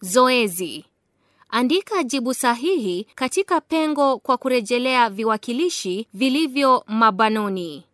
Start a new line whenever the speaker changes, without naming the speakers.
Zoezi. Andika jibu sahihi katika pengo kwa kurejelea viwakilishi vilivyo mabanoni.